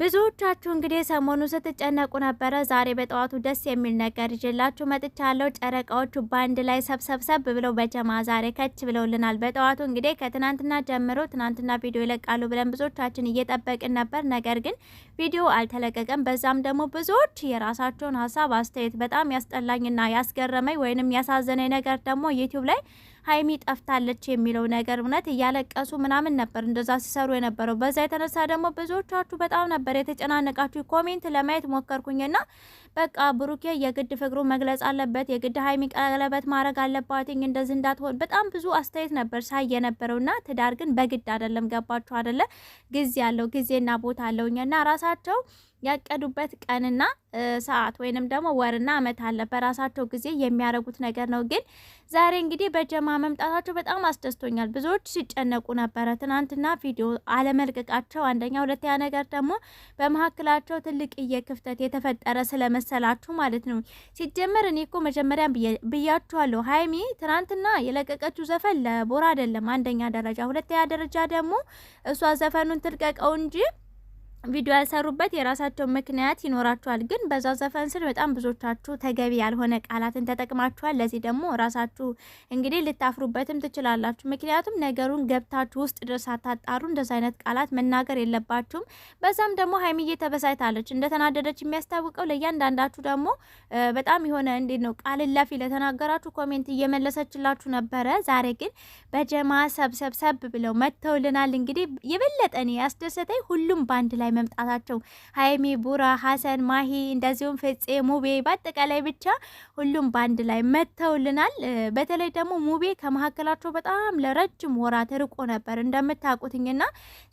ብዙዎቻችሁ እንግዲህ ሰሞኑ ስትጨነቁ ነበረ። ዛሬ በጠዋቱ ደስ የሚል ነገር ይዤላችሁ መጥቻለሁ። ጨረቃዎቹ በአንድ ላይ ሰብሰብሰብ ብለው በጀማ ዛሬ ከች ብለውልናል። በጠዋቱ እንግዲህ ከትናንትና ጀምሮ ትናንትና ቪዲዮ ይለቃሉ ብለን ብዙዎቻችን እየጠበቅን ነበር። ነገር ግን ቪዲዮ አልተለቀቀም። በዛም ደግሞ ብዙዎች የራሳቸውን ሀሳብ አስተያየት በጣም ያስጠላኝና ያስገረመኝ ወይንም ያሳዘነኝ ነገር ደግሞ ዩቲዩብ ላይ ሀይሚ ጠፍታለች የሚለው ነገር እውነት እያለቀሱ ምናምን ነበር እንደዛ ሲሰሩ የነበረው። በዛ የተነሳ ደግሞ ብዙዎቻችሁ በጣም ነበር የተጨናነቃችሁ። ኮሜንት ለማየት ሞከርኩኝና በቃ ብሩኬ የግድ ፍቅሩ መግለጽ አለበት፣ የግድ ሀይሚ ቀለበት ማድረግ አለባትኝ፣ እንደዚህ እንዳትሆን በጣም ብዙ አስተያየት ነበር ሳይ የነበረውና ትዳር ግን በግድ አይደለም። ገባችሁ አይደለ? ጊዜ አለው ጊዜና ቦታ አለውኛና ራሳቸው ያቀዱበት ቀንና ሰዓት ወይንም ደግሞ ወርና አመት አለ። በራሳቸው ጊዜ የሚያደርጉት ነገር ነው። ግን ዛሬ እንግዲህ በጀማ መምጣታቸው በጣም አስደስቶኛል። ብዙዎች ሲጨነቁ ነበረ፣ ትናንትና ቪዲዮ አለመልቀቃቸው አንደኛ፣ ሁለተኛ ነገር ደግሞ በመካከላቸው ትልቅዬ ክፍተት የተፈጠረ ስለመሰላችሁ ማለት ነው። ሲጀመር እኔ እኮ መጀመሪያ ብያችኋለሁ፣ ሀይሚ ትናንትና የለቀቀችው ዘፈን ለቦራ አይደለም፣ አንደኛ ደረጃ። ሁለተኛ ደረጃ ደግሞ እሷ ዘፈኑን ትልቀቀው እንጂ ቪዲዮ ያልሰሩበት የራሳቸው ምክንያት ይኖራችኋል። ግን በዛ ዘፈን ስር በጣም ብዙዎቻችሁ ተገቢ ያልሆነ ቃላትን ተጠቅማችኋል። ለዚህ ደግሞ ራሳችሁ እንግዲህ ልታፍሩበትም ትችላላችሁ። ምክንያቱም ነገሩን ገብታችሁ ውስጥ ድረስ አታጣሩ። እንደዚ አይነት ቃላት መናገር የለባችሁም። በዛም ደግሞ ሀይሚዬ ተበሳይታለች። እንደተናደደች የሚያስታውቀው ለእያንዳንዳችሁ ደግሞ በጣም የሆነ እንዴት ነው ቃልን ለፊ ለተናገራችሁ ኮሜንት እየመለሰችላችሁ ነበረ። ዛሬ ግን በጀማ ሰብሰብሰብ ብለው መጥተውልናል። እንግዲህ የበለጠ እኔ ያስደሰተኝ ሁሉም በአንድ ላይ በመምጣታቸው ሀይሚ፣ ቡራ፣ ሀሰን፣ ማሂ እንደዚሁም ፍጼ ሙቤ በአጠቃላይ ብቻ ሁሉም በአንድ ላይ መጥተውልናል። በተለይ ደግሞ ሙቤ ከመካከላቸው በጣም ለረጅም ወራት ርቆ ነበር እንደምታውቁትኝና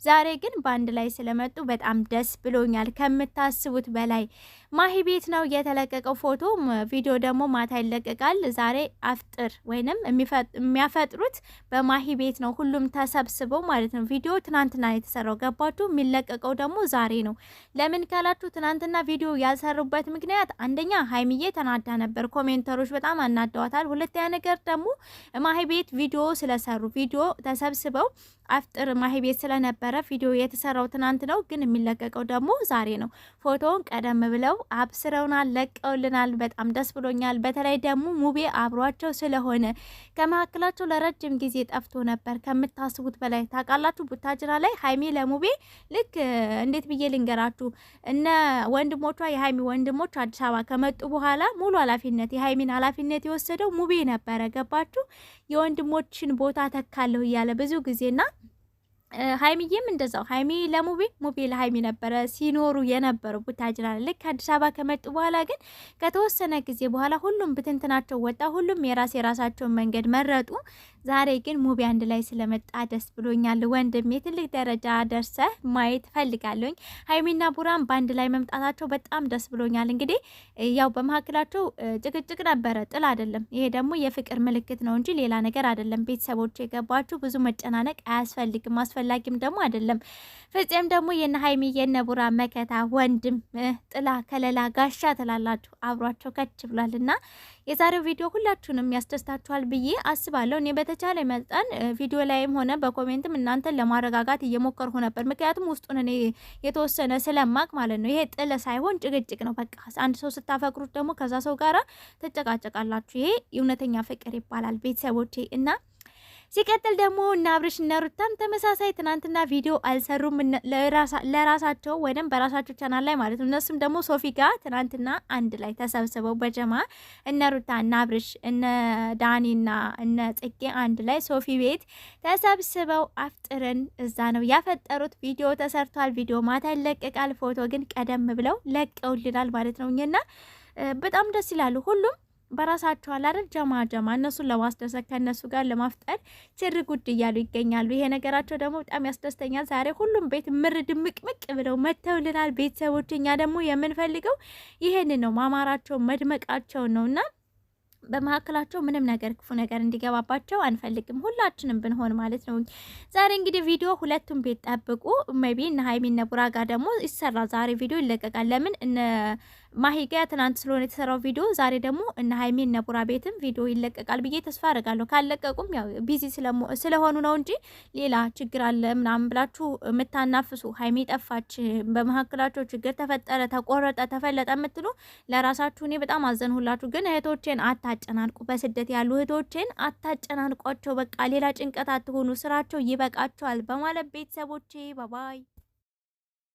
ዛሬ ግን በአንድ ላይ ስለመጡ በጣም ደስ ብሎኛል ከምታስቡት በላይ ማሂ ቤት ነው የተለቀቀው ፎቶ። ቪዲዮ ደግሞ ማታ ይለቀቃል። ዛሬ አፍጥር ወይንም የሚያፈጥሩት በማሂ ቤት ነው፣ ሁሉም ተሰብስበው ማለት ነው። ቪዲዮ ትናንትና የተሰራው ገባችሁ። የሚለቀቀው ደግሞ ዛሬ ነው። ለምን ካላችሁ ትናንትና ቪዲዮ ያልሰሩበት ምክንያት አንደኛ ሀይሚዬ ተናዳ ነበር፣ ኮሜንተሮች በጣም አናደዋታል። ሁለተኛ ነገር ደግሞ ማሂ ቤት ቪዲዮ ስለሰሩ ቪዲዮ ተሰብስበው አፍጥር ማሂ ቤት ስለነበረ ቪዲዮ የተሰራው ትናንት ነው፣ ግን የሚለቀቀው ደግሞ ዛሬ ነው። ፎቶውን ቀደም ብለው አብስረውናል፣ ለቀውልናል። በጣም ደስ ብሎኛል። በተለይ ደግሞ ሙቤ አብሯቸው ስለሆነ ከመካከላቸው ለረጅም ጊዜ ጠፍቶ ነበር ከምታስቡት በላይ ታውቃላችሁ። ቡታጅራ ላይ ሀይሜ ለሙቤ ልክ እንዴት ብዬ ልንገራችሁ፣ እነ ወንድሞቿ የሀይሚ ወንድሞች አዲስ አበባ ከመጡ በኋላ ሙሉ ኃላፊነት የሀይሚን ኃላፊነት የወሰደው ሙቤ ነበረ። ገባችሁ? የወንድሞችን ቦታ ተካለሁ እያለ ብዙ ጊዜና ሀይሚዬም እንደዛው ሀይሚ ለሙቤ ሙቤ ለሀይሚ ነበረ ሲኖሩ የነበረው ቡታጅራ ልክ አዲስ አበባ ከመጡ በኋላ ግን ከተወሰነ ጊዜ በኋላ ሁሉም ብትንትናቸው ወጣ። ሁሉም የራስ የራሳቸውን መንገድ መረጡ። ዛሬ ግን ሙቤ አንድ ላይ ስለመጣ ደስ ብሎኛል። ወንድሜ ትልቅ ደረጃ ደርሰህ ማየት ፈልጋለኝ። ሀይሚና ቡራም በአንድ ላይ መምጣታቸው በጣም ደስ ብሎኛል። እንግዲህ ያው በመካከላቸው ጭቅጭቅ ነበረ፣ ጥል አይደለም። ይሄ ደግሞ የፍቅር ምልክት ነው እንጂ ሌላ ነገር አይደለም። ቤተሰቦች የገባችሁ ብዙ መጨናነቅ አያስፈልግም። አስፈላጊም ደግሞ አይደለም። ፍፄም ደግሞ የነ ሀይሚ የነ ቡራ መከታ ወንድም፣ ጥላ፣ ከለላ፣ ጋሻ ትላላችሁ አብሯቸው ከች ብሏልና የዛሬው ቪዲዮ ሁላችሁንም ያስደስታችኋል ብዬ አስባለሁ። እኔ በተቻለ መጠን ቪዲዮ ላይም ሆነ በኮሜንትም እናንተን ለማረጋጋት እየሞከርኩ ነበር። ምክንያቱም ውስጡን እኔ የተወሰነ ስለማቅ ማለት ነው። ይሄ ጥል ሳይሆን ጭቅጭቅ ነው። በቃ አንድ ሰው ስታፈቅሩት ደግሞ ከዛ ሰው ጋራ ተጨቃጨቃላችሁ ይሄ እውነተኛ ፍቅር ይባላል ቤተሰቦቼ እና ሲቀጥል ደግሞ እነ አብርሽ እነ ሩታም ተመሳሳይ ትናንትና ቪዲዮ አልሰሩም ለራሳቸው ወይም በራሳቸው ቻናል ላይ ማለት ነው። እነሱም ደግሞ ሶፊ ጋር ትናንትና አንድ ላይ ተሰብስበው በጀማ እነ ሩታ እነ አብርሽ እነ ዳኒና እነ ጽጌ አንድ ላይ ሶፊ ቤት ተሰብስበው አፍጥርን እዛ ነው ያፈጠሩት። ቪዲዮ ተሰርቷል። ቪዲዮ ማታ ይለቀቃል። ፎቶ ግን ቀደም ብለው ለቀውልናል ማለት ነው። እኛና በጣም ደስ ይላሉ ሁሉም በራሳቸው አላደር ጀማ ጀማ እነሱን ለማስደሰት ከእነሱ ጋር ለማፍጠር ችር ጉድ እያሉ ይገኛሉ። ይሄ ነገራቸው ደግሞ በጣም ያስደስተኛል። ዛሬ ሁሉም ቤት ምር ድምቅምቅ ብለው መጥተውልናል ቤተሰቦች። እኛ ደግሞ የምንፈልገው ይሄንን ነው፣ ማማራቸውን መድመቃቸውን ነው እና በመካከላቸው ምንም ነገር ክፉ ነገር እንዲገባባቸው አንፈልግም፣ ሁላችንም ብንሆን ማለት ነው። ዛሬ እንግዲህ ቪዲዮ ሁለቱም ቤት ጠብቁ። ሜቢ እነ ሀይሚ እነ ቡራ ጋር ደግሞ ይሰራ ዛሬ ቪዲዮ ይለቀቃል። ለምን እነ ማሂጋ ትናንት ስለሆነ የተሰራው ቪዲዮ ዛሬ ደግሞ እነ ሀይሚ እነ ቡራ ቤትም ቪዲዮ ይለቀቃል ብዬ ተስፋ አደርጋለሁ። ካለቀቁም ያው ቢዚ ስለሆኑ ነው እንጂ ሌላ ችግር አለ ምናምን ብላችሁ የምታናፍሱ ሀይሚ ጠፋች፣ በመካከላቸው ችግር ተፈጠረ፣ ተቆረጠ፣ ተፈለጠ የምትሉ ለራሳችሁ እኔ በጣም አዘንሁላችሁ። ግን እህቶቼን አታ አታጨናንቁ። በስደት ያሉ እህቶችን አታጨናንቋቸው። በቃ ሌላ ጭንቀት አትሆኑ። ስራቸው ይበቃቸዋል በማለት ቤተሰቦቼ ባባይ